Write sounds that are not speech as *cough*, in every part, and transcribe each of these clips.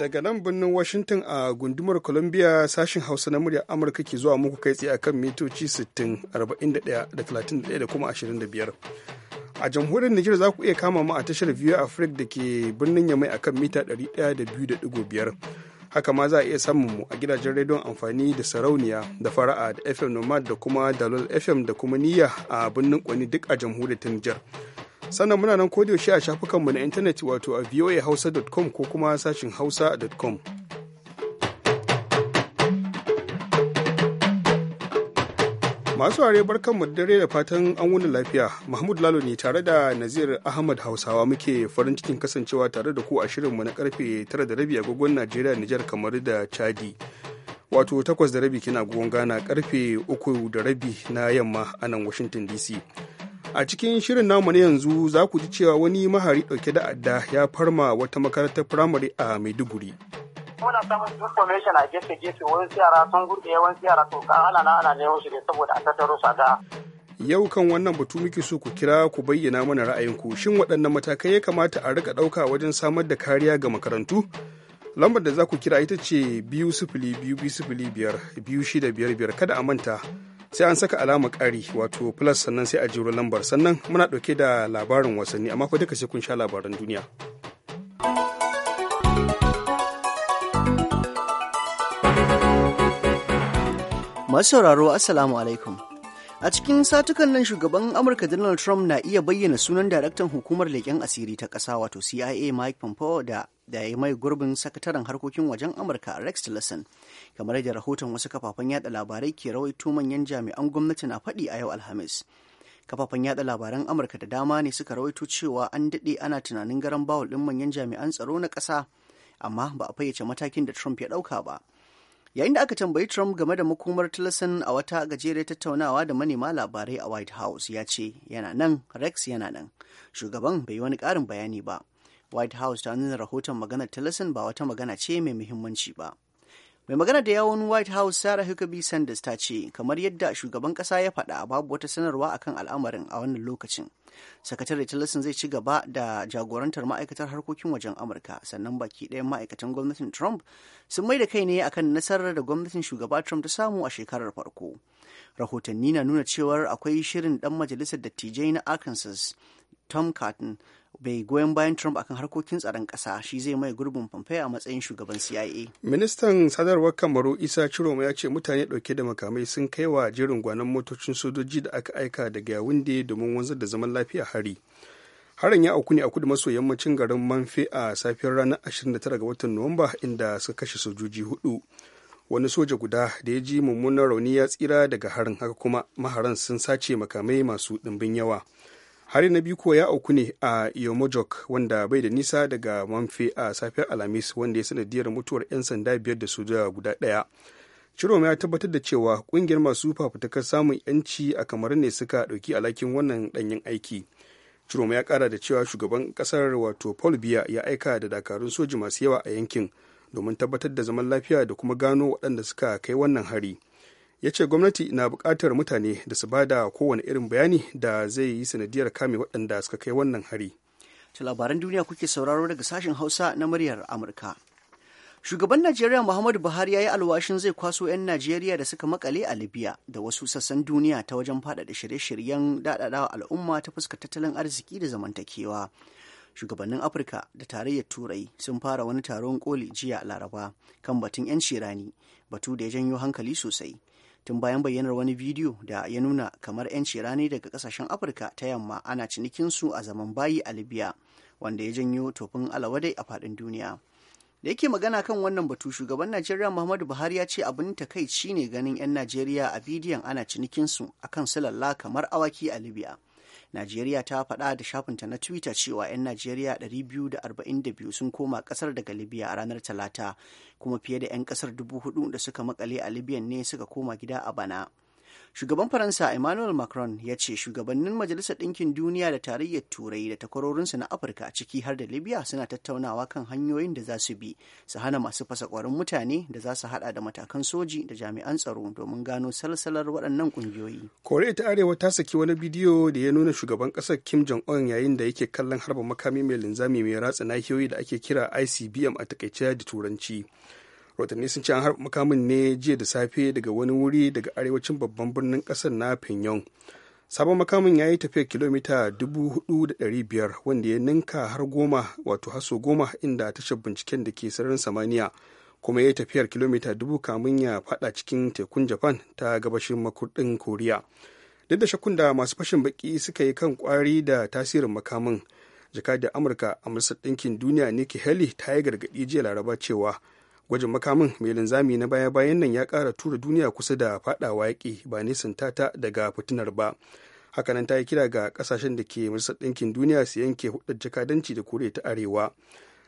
daga nan birnin washington a gundumar columbia sashin hausa na muryar amurka ke zuwa muku kai tsaye akan mitoci 60 da 31 da kuma 25 a jamhuriyar niger za ku iya kama mu a tashar view africa da ke birnin yamai akan mita 102.5 haka ma za a iya samun mu a gidajen rediyon amfani da sarauniya da fara'a da fm nomad da kuma dalol fm da kuma niyya a birnin kwani duk a jamhuriyar niger sannan muna nan ko yaushe a shafukanmu na intanet wato a voahausa.com ko kuma sashin hausa.com masu ware barkanmu dare da fatan an wuni lafiya mahmud lalo ne tare da nazir ahmad hausawa muke farin cikin kasancewa tare da ku a shirinmu na karfe 9:30 agogon najeriya nijar kamar da chadi wato 8:30 kina gogon ghana karfe 3:30 na yamma a nan washington dc a cikin shirin namu na yanzu za ku ji cewa wani mahari ɗauke da adda ya farma wata makarantar firamare a maiduguri muna samun information a gefe gefe wani siyara sun wani siyara, to ka ana na ana neman shi ne saboda tattaro sada. yau kan wannan batu muke so ku kira ku bayyana mana ra'ayinku shin waɗannan matakai ya kamata a rika ɗauka wajen samar da kariya ga makarantu lambar da za ku kira ita ce biyu sifili biyu biyu sifili biyar biyu shida biyar biyar kada a manta sai an saka alama ƙari wato plus sannan sai a jiro lambar sannan muna ɗauke da labarin wasanni amma ko duka sai kun sha labaran duniya. Masu sauraro Assalamu alaikum. A cikin satukan nan shugaban Amurka Donald Trump na iya bayyana sunan daraktan hukumar leƙen asiri ta ƙasa wato CIA Mike Pompeo da da ya mai gurbin sakataren harkokin wajen Amurka Rex Tillerson. Kamar da rahoton wasu kafafen yada labarai ke rawaito manyan jami'an gwamnati na faɗi a yau Alhamis. kafafen yada labaran amurka da dama ne suka rawaito cewa an daɗe ana tunanin garan bawul ɗin manyan jami'an tsaro na ƙasa amma ba a fayyace matakin da trump ya ɗauka ba yayin da aka tambayi trump game da makomar tillerson a wata gajeriyar tattaunawa da manema labarai a white house ya ce yana nan rex yana nan shugaban bai yi wani ƙarin bayani ba white house ta nuna rahoton maganar tillerson ba wata magana ce mai muhimmanci ba mai magana da yawon white house sarah huckabee sanders ta ce kamar yadda shugaban kasa ya faɗa babu wata sanarwa akan al'amarin a wannan lokacin sakatare tillerson zai ci gaba da jagorantar ma'aikatar harkokin wajen amurka sannan baki ɗayan ma'aikatan gwamnatin trump sun mai da kai ne akan nasarar da gwamnatin shugaba trump ta samu a shekarar farko rahotanni na nuna cewar akwai shirin dan majalisar dattijai na arkansas tom cotton bai goyon bayan Trump akan harkokin tsaron ƙasa shi zai mai gurbin Pompeo a matsayin shugaban CIA. Ministan sadarwar Kamaru Isa Chiroma ya ce mutane ɗauke da makamai sun kai wa jerin gwanon motocin sojoji da aka aika daga Yawunde domin wanzar da zaman lafiya hari. Harin ya auku ne a kudu maso yammacin garin Manfe a safiyar ranar 29 ga watan Nuwamba inda suka kashe sojoji hudu. Wani soja guda da ya ji mummunan rauni ya tsira daga harin haka kuma maharan sun sace makamai masu ɗimbin yawa. hari na biyu kuwa ya auku ne a yomojok wanda bai da nisa daga manfe a safiyar alhamis wanda ya sanadiyar mutuwar 'yan sanda biyar da su zuwa guda daya Ciroma ya tabbatar da cewa kungiyar masu fafutukar samun yanci a kamar ne suka ɗauki alhakin wannan danyen aiki. Ciroma ya kara da cewa shugaban ƙasar wato Paul Biya ya aika da dakarun soji masu yawa a yankin domin tabbatar da zaman lafiya da kuma gano waɗanda suka kai wannan hari. ya ce gwamnati na bukatar mutane da su bada kowane irin bayani da zai yi sanadiyar kame waɗanda suka kai wannan hari. ta labaran duniya kuke sauraro daga sashen Hausa na muryar Amurka. Shugaban Najeriya Muhammadu Buhari ya yi alwashin zai kwaso 'yan Najeriya da suka makale a Libya da wasu sassan duniya ta wajen faɗaɗa shirye-shiryen daɗaɗawa al'umma ta fuskar tattalin arziki da zamantakewa. shugabannin afirka da tarayyar turai sun fara wani taron koli jiya laraba kan batun 'yanci rani batu da ya janyo hankali sosai tun bayan bayyanar wani bidiyo da ya nuna kamar 'yan rani daga kasashen afirka ta yamma ana cinikinsu a zaman bayi a libya wanda ya janyo tofin alawadai a faɗin duniya da yake magana kan wannan batu shugaban najeriya muhammadu buhari ya ce abin ta kai shine ganin 'yan najeriya a bidiyon ana cinikinsu a kan silalla kamar awaki a libya najeriya ta faɗa da shafinta na twitter cewa 'yan najeriya 242 sun koma ƙasar daga libya a ranar talata kuma fiye da 'yan ƙasar 4,000 da suka makale a libyan ne suka koma gida a bana shugaban faransa emmanuel macron ya ce shugabannin majalisar ɗinkin duniya da tarayyar turai da takwarorinsu na afirka a ciki har da libya suna tattaunawa kan hanyoyin da za su bi su hana masu fasa ƙwarin mutane da za su hada da matakan soji da jami'an tsaro domin gano salsalar waɗannan ƙungiyoyi koriya ta arewa ta saki wani bidiyo da ya nuna shugaban ƙasar kim jong un yayin da yake kallon harba makami mai linzami mai ratsa nahiyoyi da ake kira icbm a takaice da turanci rahotanni sun ce an harba makamin ne jiya da safe daga wani wuri daga arewacin babban birnin kasar na pyongyang sabon makamin ya yi tafiya kilomita 4,500 wanda ya ninka har goma wato haso goma inda tashar binciken da ke sararin samaniya kuma ya yi tafiyar kilomita dubu kamun ya fada cikin tekun japan ta gabashin makudin koriya duk da shakkun da masu fashin baki suka yi kan kwari da tasirin makamin jakadiyar amurka a majalisar ɗinkin duniya nikki haley ta yi gargaɗi jiya laraba cewa gwajin makamin mai linzami na baya-bayan nan ya kara tura duniya kusa da faɗawa yaƙi ba nisan tata daga fitinar ba hakanan ta yi kira ga kasashen da ke majalisar ɗinkin duniya su yanke hudar jakadanci da kore ta arewa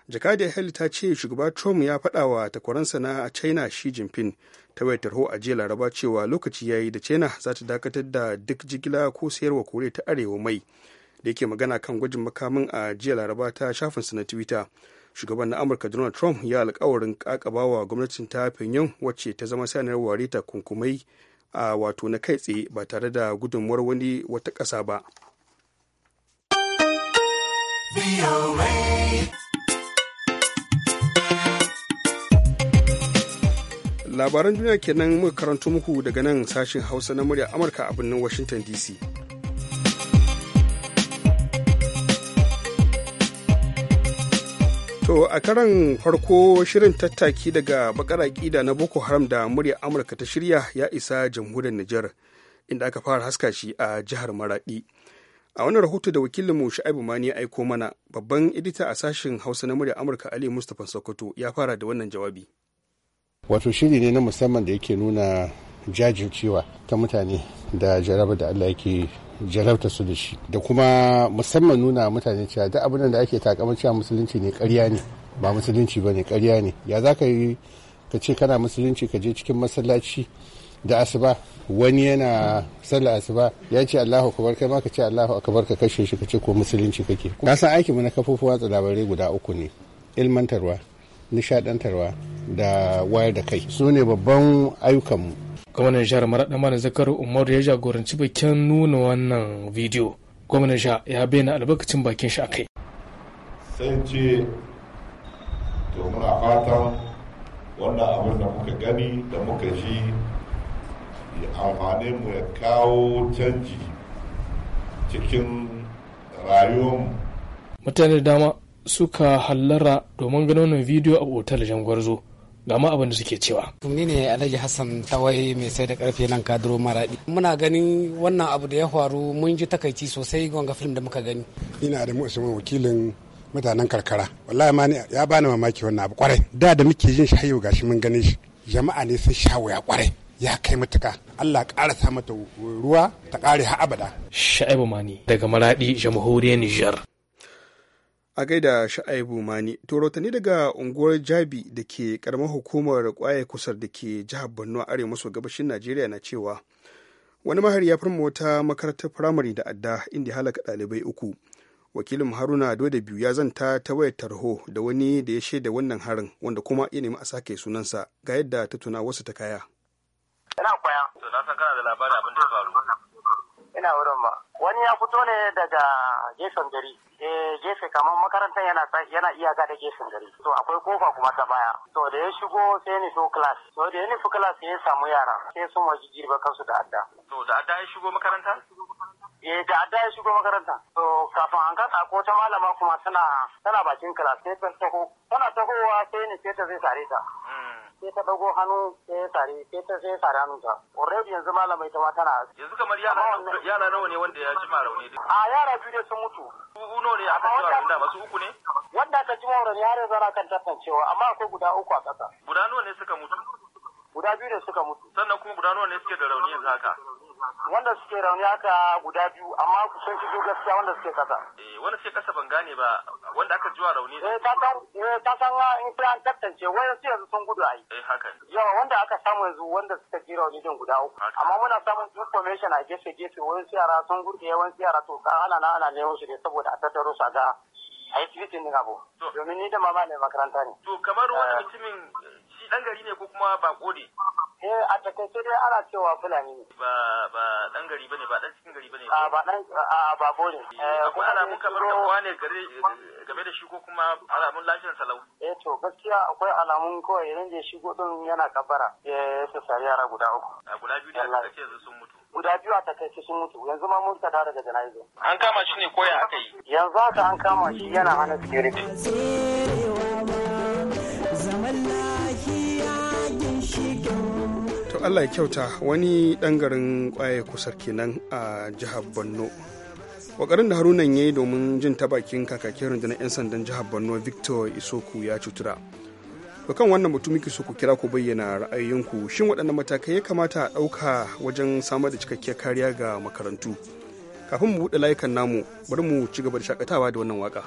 jakadiyar hali ta ce shugaba trump ya fada wa takwaransa na china shi jinping ta wayar tarho a jiya laraba cewa lokaci ya yi da china za ta dakatar da duk jigila ko sayarwa kore ta arewa mai da yake magana kan gwajin makamin a jiya laraba ta shafinsa na twitter shugaban na amurka donald trump ya alkawarin kakabawa gwamnatin ta pyongyang wacce ta zama sanar ware ta kunkumai a wato na kai tsaye ba tare da gudunmuwar wani wata ƙasa ba labaran duniya kenan muka karanto muku daga nan sashin hausa na murya amurka a birnin washington dc To a karan farko shirin tattaki daga bakar aƙida na Boko Haram da murya Amurka ta shirya ya isa jamhuriyar Nijar inda aka fara haska shi a jihar Maraɗi. A wani rahoto da wakilinmu Sha'ibu Mani ya aiko mana babban edita a sashen Hausa na murya Amurka Ali Mustapha Sokoto ya fara da wannan jawabi. Wato shiri ne na musamman da yake nuna jajircewa ta mutane da jaraba da Allah yake jarabta su da shi da kuma musamman nuna mutane cewa duk abin da ake takamar cewa musulunci ne karya ne ba musulunci ba ne karya ne ya za ka yi ka ce kana musulunci ka je cikin masallaci da asuba wani yana sallar asuba ya ce Allahu akbar kai ma ka ce Allahu akbar ka kashe shi ka ce ko musulunci kake ka san aikinmu na kafofin watsa labarai guda uku ne ilmantarwa nishadantarwa da wayar da kai su ne babban ayyukanmu gwamnan jihar maraɗa mana zakar umar ya jagoranci bikin nuna wannan bidiyo gwamnan jihar ya bayyana albarkacin bakin shi akai sai ce to muna fatan wannan abin da muka gani da muka ji amfani mu ya kawo canji cikin rayuwar mutane da dama suka hallara domin ganin wannan bidiyo a otal jangwarzo ga ma abin da suke cewa. Ni ne Alhaji Hassan Tawai mai sai da karfe nan kaduro maradi. Muna ganin wannan abu da ya faru mun ji takaici sosai ga film da muka gani. Ina da mu wakilin mutanen karkara. Wallahi ma ya bani mamaki wannan abu kwarai. Da da muke jin shi hayo gashi mun gane shi. Jama'a ne sun sha wuya kwarai. ya kai matuka Allah ƙara sa mata ruwa ta ƙare har abada. Sha'ibu Mani daga Maradi, Jamhuriyar Nijar. a gaida sha'aibu mani to daga unguwar jabi da ke karamar hukumar kwaye kusar da ke jihar borno a arewa maso gabashin najeriya na cewa wani mahari ya farma wata makarantar firamare da adda inda ya halaka ɗalibai uku wakilin haruna da biyu ya zanta ta wayar tarho da wani da ya shaida wannan harin wanda kuma ya nemi a sake sunansa ga yadda ta tuna wasu ta kaya ina kwaya to na san kana da labarin abin da ya faru ina wurin ma wani ya fito ne daga gefen gari eh gefe kamar makarantar yana yana iyaka da gefen gari to akwai kofa kuma ta baya to da ya shigo sai ni so class to da ya nufi class sai ya samu yara sai sun waje girba kansu da adda to da adda ya shigo makaranta eh da adda ya shigo makaranta to kafin an kasa ko ta malama kuma tana tana bakin class sai ta taho tana tahowa sai ni sai ta zai tare ta hmm. sai ta dago hannu sai ya sare sai ta sai sare ta already yanzu malamai ta ma tana yanzu kamar yara nawa ne wanda ya ji ma rauni a yara biyu ne sun mutu uku nawa ne aka ji rauni da masu uku ne wanda aka ji rauni har yanzu ana kan tantancewa amma akwai guda uku a ƙasa guda nawa ne suka mutu guda biyu ne suka mutu sannan kuma guda nawa ne suke da rauni yanzu haka wanda suke rauni haka guda biyu amma sun shi gaskiya wanda suke kasa eh wanda suke kasa ban gane ba wanda aka jiwa rauni ne eh, ta san eh, ta san ah, in sai an tantance wayan sai yanzu sun gudu ai eh haka yawa wanda aka samu yanzu wanda suka ji rauni din guda uku amma muna samun information a gefe gefe wayan su sun gudu yawan eh, su yara to ka ana na ana neman su ne saboda a tattaro su a ga a yi tweeting din abu domin ni da mama ne makaranta ne to kamar wani mutumin dan gari ne ko kuma bako ne eh a takaice dai ana cewa fulani ne ba ba dan gari bane ba dan cikin gari bane a ba dan a bako ne eh, akwai alamun kamar kawa ne gare game da shi ko kuma alamun lafiyar salau eh to gaskiya akwai alamun kawai idan da shi din yana kabara ya sai yara guda uku a guda biyu da aka ce sun mutu guda biyu a takaice sun mutu yanzu ma mun kada daga janaizo an kama shi ne ko ya aka yi yanzu haka an kama shi yana hana security to allah ya kyauta wani ɗan garin kwaye kusar kenan a jihar borno wakarin da harunan ya yi domin jin ta bakin kakakin rundunar 'yan sandan jihar borno victor isoku ya cutura to kan wannan mutum yake so ku kira ku bayyana ra'ayoyinku shin waɗannan matakai ya kamata a ɗauka wajen samar da cikakkiyar kariya ga makarantu kafin mu buɗe layukan namu bari mu ci gaba da shakatawa da wannan waka.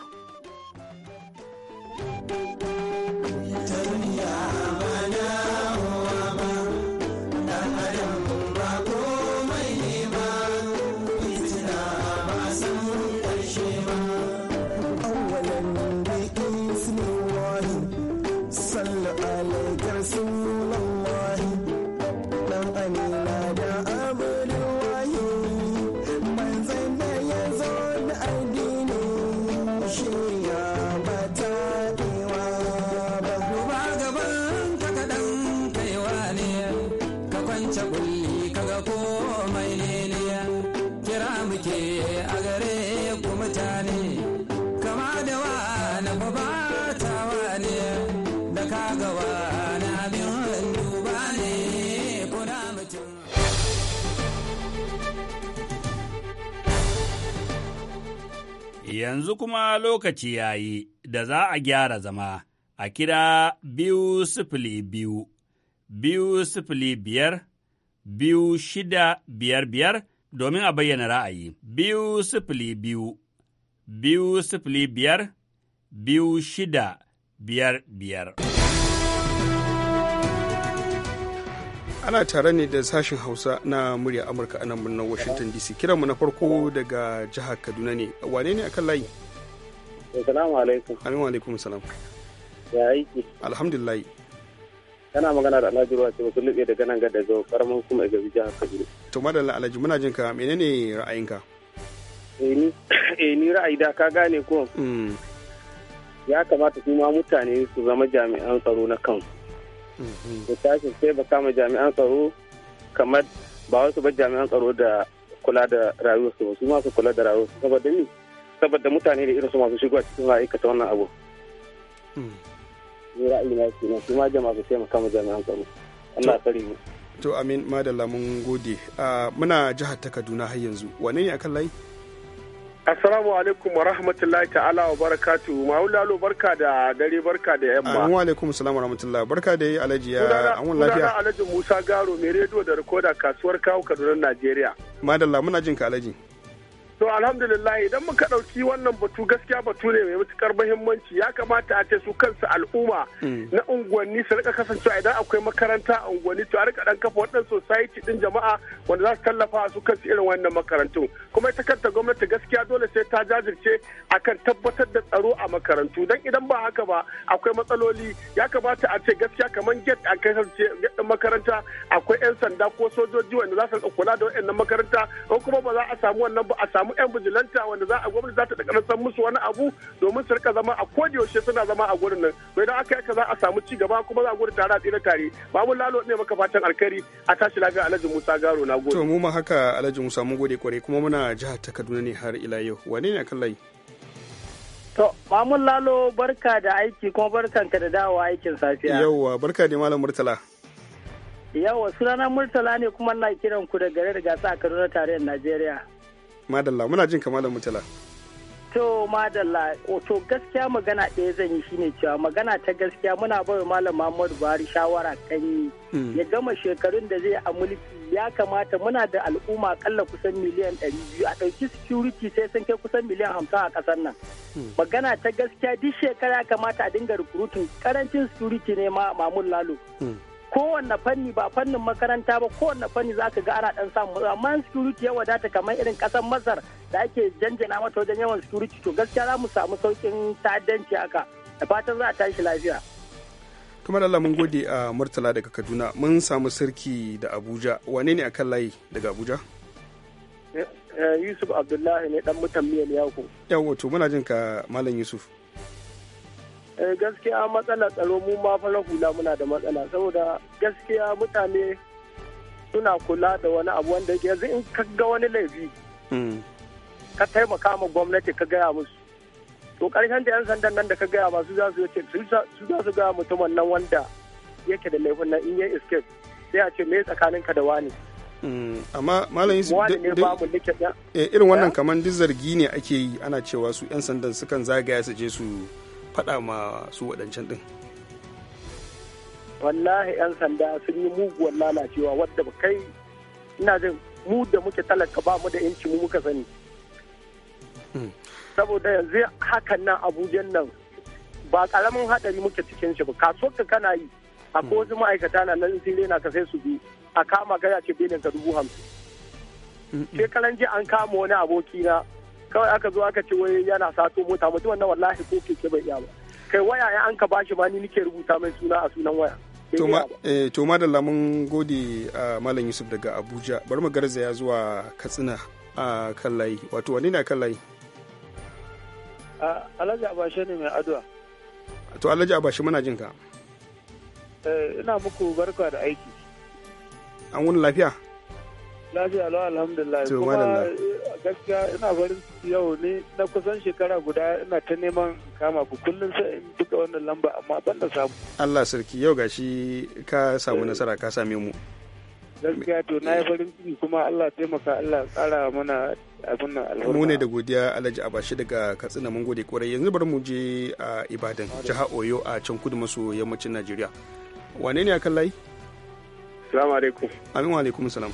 kuma lokaci ya yi da za a gyara zama a kira biyu sifili biyu, biyu sifili biyar, biyu shida biyar biyar domin a bayyana ra'ayi. Biyu sifili biyu, biyu sifili biyar, biyu shida biyar biyar. ana tare ne da sashen hausa na murya amurka a nan birnin washington dc kiranmu na farko daga jihar kaduna ne wane ne akan layi Assalamu alaikum. Amin alaikum salam. Ya aiki. Alhamdulillah. Kana magana da Alhaji Ruwa cewa sun lube daga nan ga daga karamin kuma ga jihar Kaduna. To madalla Alhaji muna jin ka menene ra'ayinka? Eh ni *coughs* eh ni ra'ayi da ka gane ko. Mm. Ya kamata su ma mutane su zama jami'an tsaro na kan. Mm-hmm. Da tashi sai ba kama jami'an tsaro kamar ba wasu ba jami'an tsaro da kula da rayuwarsu ba su ma su kula da rayuwarsu saboda ni. saboda mutane da irin su masu shigo a cikin aikata wannan abu hmm. ni ra'ayi na kenan su ma jama'a su taimaka ma jami'an tsaro Allah tsari mu to amin madalla mun gode ah, muna jihar ta Kaduna har yanzu wane ne akan layi Assalamu alaikum wa rahmatullahi ta'ala wa barakatu. Maulalo barka da dare barka da yamma. Ah, wa alaikum salam wa rahmatullah. Barka da yi alaji ya an lafiya. lafiya. alaji Musa Garo mai rediyo da rikoda kasuwar kawo Kaduna Najeriya. Madalla muna jin ka alaji. To alhamdulillah idan muka ɗauki wannan batu gaskiya batu ne mai matukar muhimmanci ya kamata a ce su kansu al'umma mm. na unguwanni su rika kasancewa idan akwai makaranta a unguwanni to a rika dan kafa waɗannan society din jama'a wanda za su tallafa su kansu irin wannan makarantu kuma ita kanta gwamnati gaskiya dole sai ta jajirce akan tabbatar da tsaro a makarantu dan idan ba haka ba akwai matsaloli ya kamata a ce gaskiya kamar get a kasance get makaranta akwai 'yan sanda ko sojoji wanda za su kula da waɗannan makaranta ko kuma ba za a samu wannan ba a samu yan bijilanta wanda za a gwamnati za ta daga san musu wani abu domin su rika zama a yaushe suna zama a gurin nan to idan aka yaka za a samu ci gaba kuma za a gurin tare a tsira tare babu lalo ne maka fatan alkari a tashi lafiya alhaji musa garo na gode to mu ma haka alhaji musa mun gode kwarai kuma muna jihar ta kaduna ne har ila yau wane ne akan layi To, Mamun Lalo barka da aiki kuma barkan ka da dawowa aikin safiya. Yawwa, barka da Malam Murtala. Yawwa, sunana Murtala ne kuma na kiran ku da garin gasa a Kaduna tarayyar Najeriya. madalla muna jin ka malam mutala to madalla to gaskiya magana ɗaya zan yi shine cewa magana ta gaskiya muna bai malam Muhammadu Buhari shawara kan yi hmm. ya gama shekarun da zai a mulki ya kamata muna da al'umma kalla kusan miliyan 200 a ɗauki security sai sun kai kusan miliyan 50 a ƙasar nan hmm. magana ta gaskiya duk shekara ya kamata a dinga recruiting karancin security ne ma Mamun Lalo hmm. kowanne fanni ba fannin makaranta ba kowanne fanni za ka ga ana dan samu amma security ya wadata kamar irin kasar masar da ake janjana mata wajen yawan security to gaskiya za mu samu saukin ta'addanci haka da fatan za a tashi lafiya kuma Allah mun gode a murtala daga kaduna mun samu sarki da abuja wane ne akan layi daga abuja eh, eh, yusuf abdullahi ne dan mutan miyan yako yawo to muna jin ka malam yusuf Eh, gaskiya matsala tsaro mu ma fara hula muna da matsala saboda gaskiya mutane suna kula da wani abu wanda yanzu in ka ga wani laifi mm. ka taimaka ma gwamnati ka gaya musu to karshen da 'yan sandan nan da ka gaya masu za su yi su za su gaya mutumin nan wanda yake da laifin nan in ya escape sai a ce me ka da wani mm. amma malam yusuf eh, irin wannan eh? kaman duk zargi ne ake yi ana cewa su 'yan sandan sukan zagaya su je su faɗa ma su waɗancan ɗin wallahi 'yan sanda sun yi muguwar lalacewa wadda ba kai ina jin mu da muke talaka ba mu da yanci mu muka sani hmm. saboda yanzu hakan nan abujan nan ba karamin hadari muke cikin shi ba kaso ka kana yi ko wasu ma'aikata na nan na ka sai su bi a kama gaya ce belin ka dubu hamsin hmm, hmm. shekaran ji an kama wani aboki na kawai aka zo aka ce wai yana sato mota mutum na wallahi ko keke bai iya ba kai waya ya an ka bashi ma ni nike rubuta mai suna a sunan waya to ma eh, da lamun gode malam yusuf daga abuja bari mu garzaya zuwa katsina a kan layi wato wani na kan layi alhaji abashe ne mai addu'a to alhaji abashe muna jin ka eh, ina muku barka da aiki an wuni lafiya Lafiya lawa alhamdulillah. To madalla. Gaskiya ina farin ciki yau ne na kusan shekara guda ina ta neman kama ku kullum sai in duka wannan lamba amma ban da samu. Allah sarki yau gashi ka samu nasara ka same mu. gaskiya to na yi farin ciki kuma Allah taimaka Allah tsara mana abin nan alhamdulillah mu ne da godiya Alhaji Abashi daga Katsina mun gode kwarai yanzu bari mu je a Ibadan jiha Oyo a can kudu maso yammacin Najeriya wane ne akan layi Assalamu alaikum Amin wa alaikum salam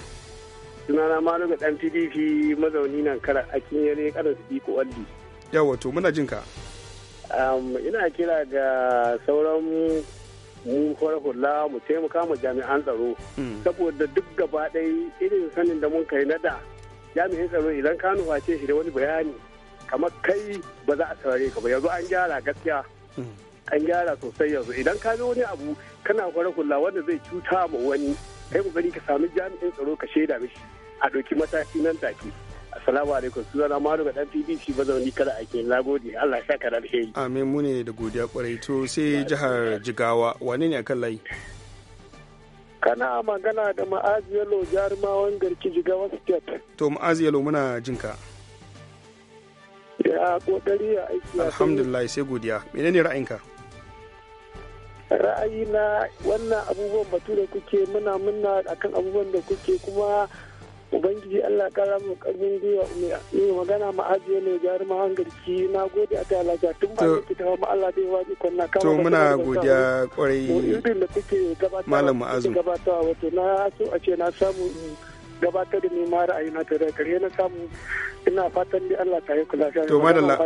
sunana malu ga dan pdp mazauni nan kara a kinyere karin su iko walli yawa to muna jinka um, ina kira ga sauran mu hula mu taimaka ma jami'an tsaro hmm. saboda duk gaba ɗaya irin sanin da mun kai na da jami'in tsaro idan ka nufa shi da wani bayani kamar kai ba za a saurare ka ba yanzu an gyara gaskiya hmm. an gyara sosai yanzu idan ka wani abu kana kwara hula wanda zai cuta ma wani kai kokari ka sami jami'in tsaro ka shaida mishi a ɗauki mataki nan take assalamu alaikum sunana maru ga dan pdc mazauni kada ake na gode allah ya saka da alheri amin mu ne da godiya kwarai to sai jihar jigawa wane ne akan layi kana magana da Ma'aziyalo yalo jarumawan garki jigawa state to Ma'aziyalo yalo muna jinka ya kokari ya aiki alhamdulillah sai godiya menene ra'ayinka ra'ayi na wannan abubuwan batu da kuke muna muna akan abubuwan da kuke kuma ubangiji allah kara mu karfin gwiwa mai magana ma ajiye ne jari ma hangarki na gode a ta lafiya tun ba ne ta ma allah dai waje kwanna kama to muna godiya kwarai irin da malam ma'azu gabatarwa wato na so a ce na samu gabatar da ni ma ra'ayina ta daga kare na samu ina fatan dai Allah ta yi ku lafiya to madalla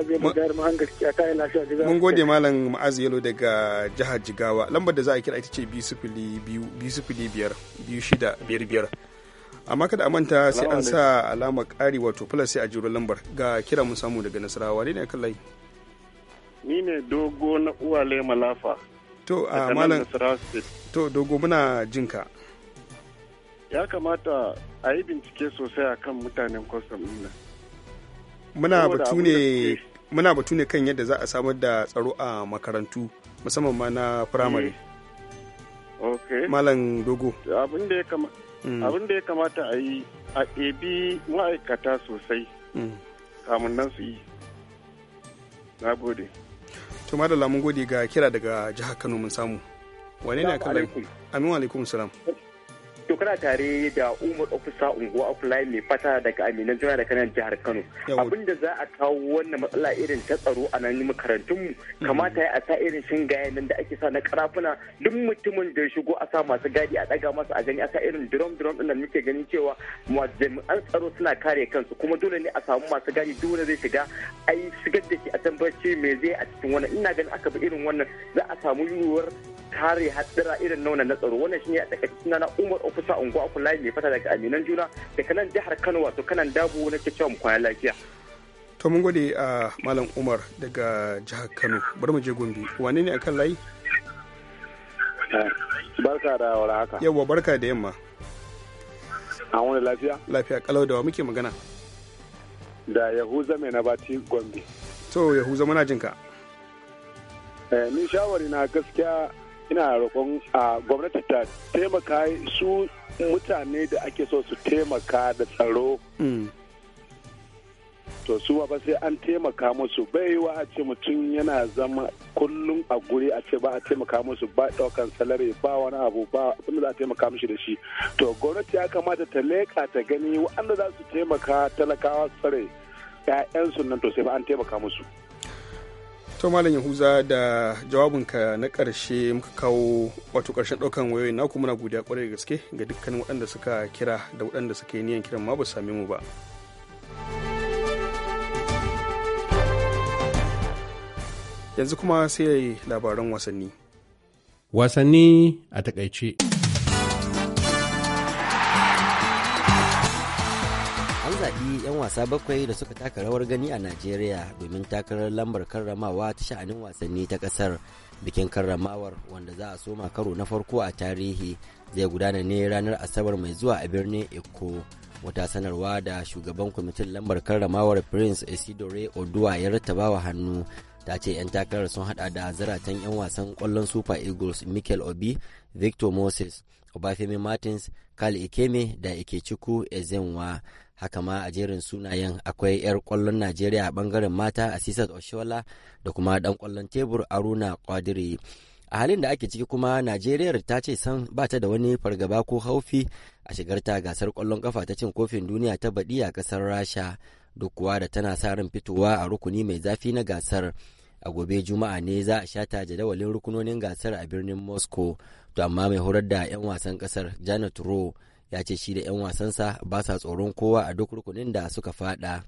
mun gode malam ma'az yalo daga jihar jigawa lambar da za a kira ita ce 2055 amma kada a manta sai an sa alama ƙari wato plus sai a jiro lambar ga kira mun samu daga nasarawa ne kan layi ni ne dogo na uwale malafa to a malam to dogo muna jinka ya kamata a yi bincike sosai a kan mutanen kwastam nan. Muna batu ne kan yadda za a samar da tsaro a makarantu musamman ma na firamare. Mm. Okay. Malam Dogo. Mm. Abin da ya kamata a yi a ɗebi ma'aikata sosai mm. kamun nan su yi. Na gode. To madalla mun gode ga kira daga jihar Kano mun samu. Wane ne a kan Amin wa alaikum salam. to kana tare da umar ofisa unguwa offline mai fata daga aminan juna da kanan jihar kano abin da za a kawo wannan matsala irin ta tsaro a nan makarantunmu mhm. kamata ya a sa irin shingayen nan da ake sa na karafuna duk mutumin da ya shigo a sa masu gadi a daga masa a gani a sa irin drum drum din da muke ganin cewa jami'an tsaro suna kare kansu kuma dole ne a samu masu gadi dole zai shiga ai shigar da shi a tambarci me zai a cikin wannan ina ganin aka bi irin wannan za a samu yiwuwar kare haɗura irin nauna na tsaro wannan shine a takaice na umar sa unguwa ku layi mai fata daga aminan juna daga nan jihar kano wato kanan dabu na ke mu kwana lafiya to mun gode a ah, malam umar daga jihar kano bari mu je gombe wane ne akan layi barka da warhaka yawwa barka da yamma an wani lafiya lafiya kalau da wa muke magana da yahuza mai nabati gombe to yahuza muna jinka eh, ni shawari na gaskiya ina roƙon a gwamnati ta taimaka su mutane da ake so su taimaka da tsaro mm. to su ba sai an taimaka musu bai wa a ce mutum yana zama kullum a guri a ce ba a taimaka musu ba daukan salari ba wani abu ba abinda za a taimaka mishi da shi to gwamnati ya kamata ta leka ta gani wanda za su taimaka talakawa tsare 'ya'yansu nan to sai ba an taimaka musu. to malam yahuza da jawabinka na ƙarshe muka kawo wato karshen ɗaukan wayoyin kuma muna godiya kwarai da gaske ga dukkanin waɗanda suka kira da waɗanda suka yi niyan kiran ma ba su same mu ba yanzu kuma sai labaran wasanni wasanni a takaice zaɓi 'yan wasa bakwai da suka taka rawar gani a Najeriya domin takarar lambar karramawa ta sha'anin wasanni ta kasar Bikin karramawar wanda za a soma karo na farko a tarihi zai gudana ne ranar Asabar mai zuwa a birnin Eko. Wata sanarwa da shugaban kwamitin lambar karramawar Prince Isidore Oduwa ya wa hannu ta ce 'yan takarar sun hada da zaratan 'yan wasan kwallon super eagles michael obi victor moses obafemi martins kal ikeme da ikechukwu ezenwa haka ma a jerin sunayen akwai 'yar kwallon najeriya a bangaren mata a sisat oshola da kuma dan kwallon tebur aruna kwadiri a halin da ake ciki kuma najeriyar ta ce san ba ta da wani fargaba ko haufi a shigar ta gasar kwallon kafa ta cin kofin duniya ta baɗi a kasar rasha duk kuwa da tana sa ran fitowa a rukuni mai zafi na gasar a gobe juma'a ne za a shata jadawalin rukunonin gasar a birnin moscow to amma mai horar da 'yan wasan ƙasar janet rowe ya ce shi da 'yan wasansa ba sa tsoron kowa a duk rukunin da suka fada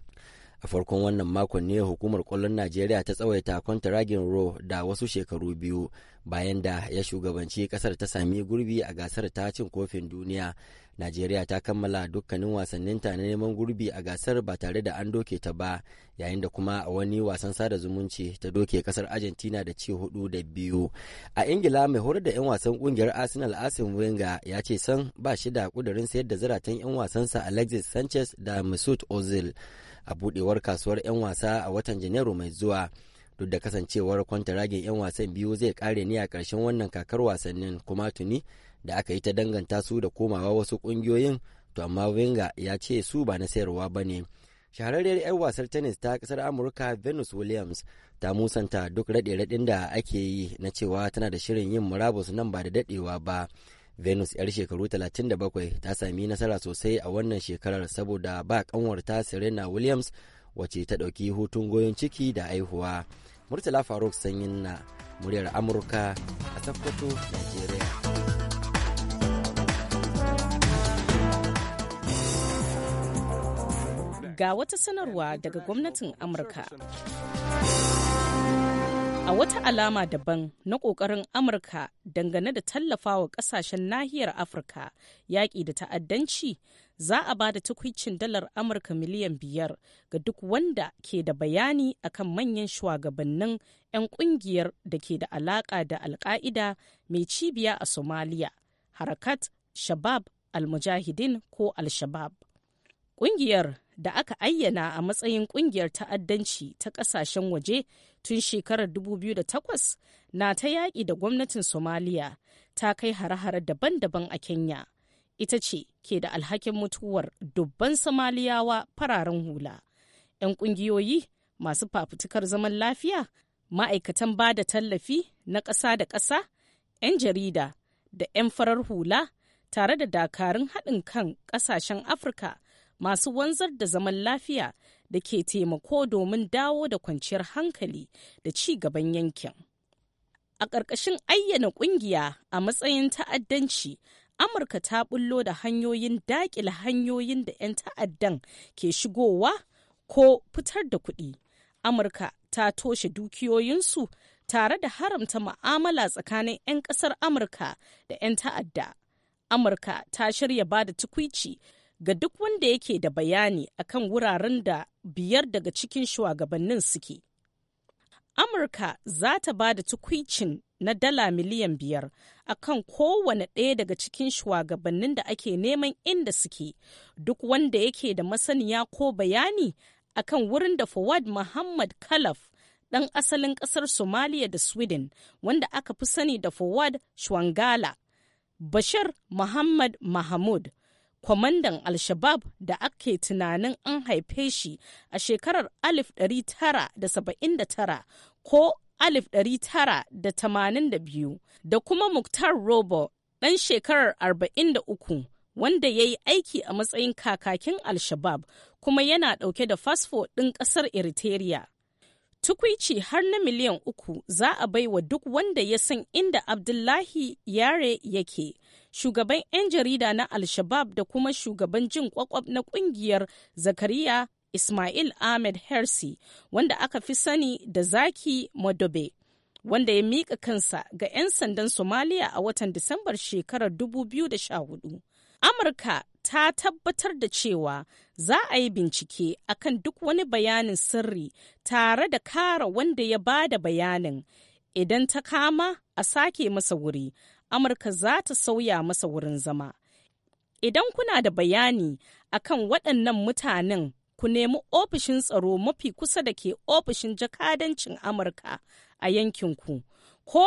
a farkon wannan makon ne hukumar kwallon najeriya ta tsawaita kwantaragin ro da wasu shekaru biyu bayan da ya shugabanci kasar ta sami gurbi a gasar ta cin kofin duniya Najeriya ta kammala dukkanin ta na neman gurbi a gasar ba tare da an doke ta ba yayin da kuma a wani wasan sada zumunci ta doke kasar Argentina da ci hudu da biyu. A Ingila mai horar da 'yan wasan kungiyar Arsenal Arsene Wenger ya ce san ba shi da kudurin sayar da zaratan 'yan wasansa Alexis Sanchez da Mesut Ozil a budewar kasuwar 'yan wasa a watan Janairu mai zuwa. duk da kasancewar kwantaragin 'yan wasan biyu zai kare ni a karshen wannan kakar wasannin kuma tuni da aka yi ta danganta su da komawa wasu kungiyoyin to amma Wenger ya ce su ba na sayarwa ba ne. shahararriyar 'yar wasar tennis ta kasar amurka venus williams ta musanta duk raɗe-raɗin da ake yi na cewa tana da shirin yin murabus nan ba da daɗewa ba venus 'yar shekaru 37 ta sami nasara sosai a wannan shekarar saboda ba kanwarta serena williams wacce ta ɗauki hutun goyon ciki da aihuwa murtala faruk sanyin na muryar amurka a sakkwato nigeria Ga wata sanarwa daga gwamnatin Amurka. A wata alama daban na ƙoƙarin Amurka dangane da tallafawa ƙasashen nahiyar Afirka yaƙi da ta'addanci, za a ba da tukwicin dalar Amurka miliyan biyar ga duk wanda ke da bayani akan manyan shugabannin 'yan ƙungiyar da ke da alaƙa da Alƙa'ida mai cibiya a Somaliya Harakat, Shabab, Al-Mujahideen ko Al-Shabab. Ƙungiyar da aka ayyana a matsayin kungiyar ta'addanci ta kasashen waje tun shekarar 2008 na ta yaƙi da gwamnatin somaliya ta kai hare-hare daban-daban a kenya ita ce ke da alhakin mutuwar dubban somaliyawa fararen hula 'yan ƙungiyoyi masu fafutukar zaman lafiya ma'aikatan ba da tallafi na ƙasa da ƙasa 'yan jarida da 'yan farar hula tare da dakarun haɗin kan ƙasashen afirka masu wanzar da zaman lafiya da ke taimako domin dawo da kwanciyar hankali da ci gaban yankin. A ƙarƙashin ayyana ƙungiya a matsayin ta'addanci, Amurka ta bullo da hanyoyin daƙila hanyoyin da 'yan ta'addan ke shigowa ko fitar da kuɗi. Amurka ta toshe dukiyoyinsu tare da haramta ma'amala tsakanin 'yan ƙasar Amurka da 'yan ta'adda. Amurka ta shirya ba da tukwici ga duk wanda yake da bayani akan wuraren da biyar daga cikin shugabannin suke. Amurka za ta ba da tukwicin na dala miliyan biyar a kan kowane ɗaya daga cikin shugabannin da ake neman inda suke duk wanda yake da masaniya ko bayani a kan wurin da Fawad Muhammad Kalaf ɗan asalin ƙasar Somalia da Sweden wanda aka fi sani da Fawad Shwangala. Bashir Muhammad Mahmud kwamandan al-shabab da ake tunanin an haife shi a shekarar 1979 ko 1982 da kuma muktar robo ɗan shekarar 43 wanda ya yi aiki a matsayin kakakin al-shabab kuma yana ɗauke da fasfo ɗin ƙasar eritrea tukwici har na miliyan uku za a baiwa duk wanda ya san inda abdullahi yare yake shugaban 'yan jarida na Al-Shabab da kuma shugaban jin kwakwab na kungiyar Zakariya Ismail Ahmed Hersi wanda aka fi sani da Zaki Madobe. wanda ya miƙa kansa ga 'yan sandan Somaliya a watan Disambar shekarar 2014. Amurka ta tabbatar da cewa za a yi bincike akan duk wani bayanin sirri tare da kara wanda ya ba da bayanin idan ta kama a sake masa wuri Amurka za ta sauya masa wurin zama. Idan kuna da bayani akan waɗannan mutanen ku nemi ofishin tsaro mafi kusa da ke ofishin jakadancin Amurka a yankinku ko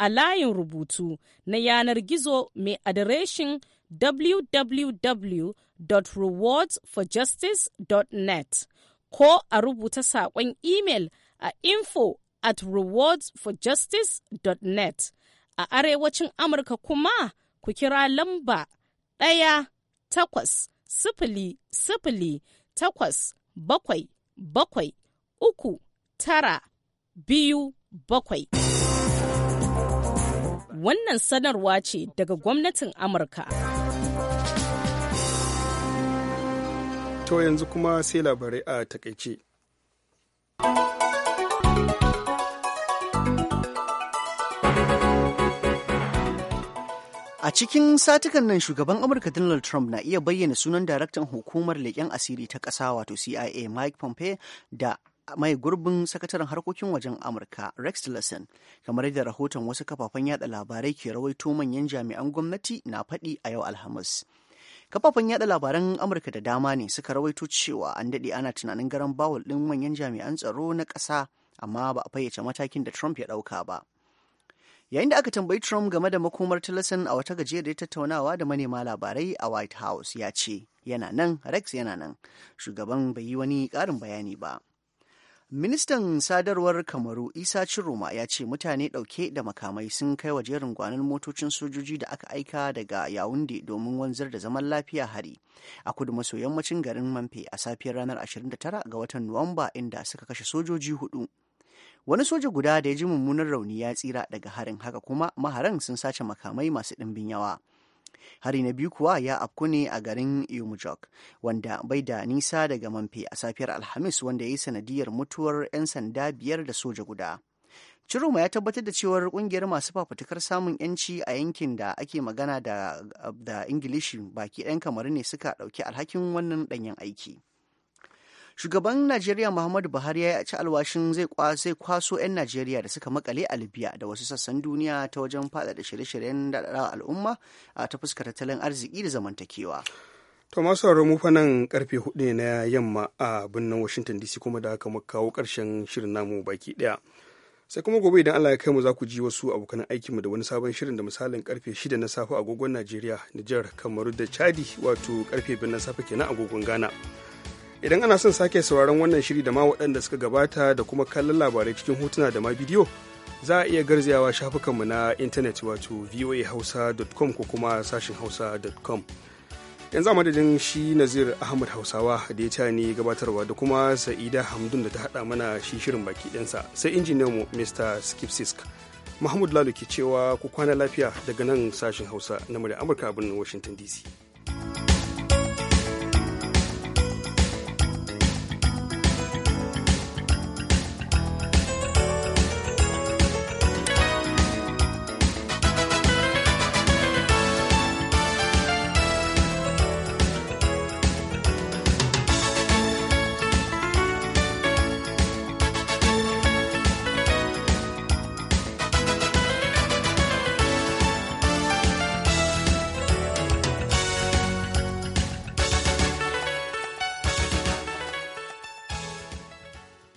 a layin rubutu na yanar gizo mai adireshin www.rewardsforjustice.net ko a rubuta saƙon imel a info at rewardsforjustice.net a arewacin Amurka kuma ku kira lamba ɗaya takwas sifili sifili takwas bakwai bakwai uku tara biyu bakwai. Wannan sanarwa ce daga gwamnatin Amurka. To yanzu kuma sai labarai a takaice. A cikin satukan nan shugaban Amurka Donald Trump na iya bayyana sunan daraktan hukumar leƙen asiri ta ƙasa wato CIA Mike Pompeo da mai gurbin sakataren harkokin wajen amurka rex tillerson kamar da rahoton wasu kafafen yada labarai ke rawaito manyan jami'an gwamnati na faɗi a yau alhamis kafafen yada labaran amurka da dama ne suka rawaito cewa an daɗe ana tunanin garan bawul ɗin manyan jami'an tsaro na ƙasa amma ba a fayyace matakin da trump ya ɗauka ba yayin da aka tambayi trump game da makomar tillerson a wata da ya tattaunawa da manema labarai a white house ya ce yana nan rex yana nan shugaban bai yi wani ƙarin bayani ba ministan sadarwar kamaru isa ciroma ya ce mutane ɗauke da makamai sun kai wa jerin gwanon motocin sojoji da aka aika daga yawunde domin wanzar da zaman lafiya hari a kudu maso yammacin garin manfe a safiyar ranar 29 ga watan nuwamba inda suka kashe sojoji hudu wani soja guda da ya ji mummunan rauni ya tsira daga harin haka kuma maharan sun sace makamai masu ɗimbin yawa hari na biyu kuwa ya afku ne a garin Yumjok wanda bai da nisa daga manfe a safiyar alhamis wanda ya yi sanadiyar mutuwar 'yan sanda biyar da soja guda Ciroma ya tabbatar da cewar kungiyar masu fafutukar samun yanci a yankin da ake magana da, Ingilishi baki ɗan kamar ne suka ɗauki alhakin wannan ɗanyen aiki. Shugaban Najeriya Muhammadu Buhari ya ci alwashin zai kwaso 'yan Najeriya da suka makale a Libya da wasu sassan duniya ta wajen faɗaɗa shirye-shiryen daɗaɗa al'umma ta fuskar tattalin arziki da zamantakewa. To masu mu fa nan karfe hudu na yamma a birnin Washington DC kuma da haka muka kawo karshen shirin namu baki daya sai kuma gobe idan Allah ya kai mu za ku ji wasu abokan aikinmu da wani sabon shirin da misalin karfe shida na safe agogon Najeriya, Nijar, Kamaru da Chadi wato karfe biyu na safe kenan agogon Ghana. idan ana son sake sauraron wannan shiri da ma waɗanda suka gabata da kuma kallon labarai cikin hotuna da ma bidiyo za a iya garzayawa shafukanmu na intanet wato voahausa.com ko kuma sashin hausa.com yanzu a madadin shi nazir ahmad hausawa da ya ni gabatarwa da kuma sa'ida hamdun da ta haɗa mana shi shirin baki ɗinsa sai injiniyan mu mr skipsisk mahmud lalu ke cewa ku kwana lafiya daga nan sashin hausa na murya amurka a birnin washington dc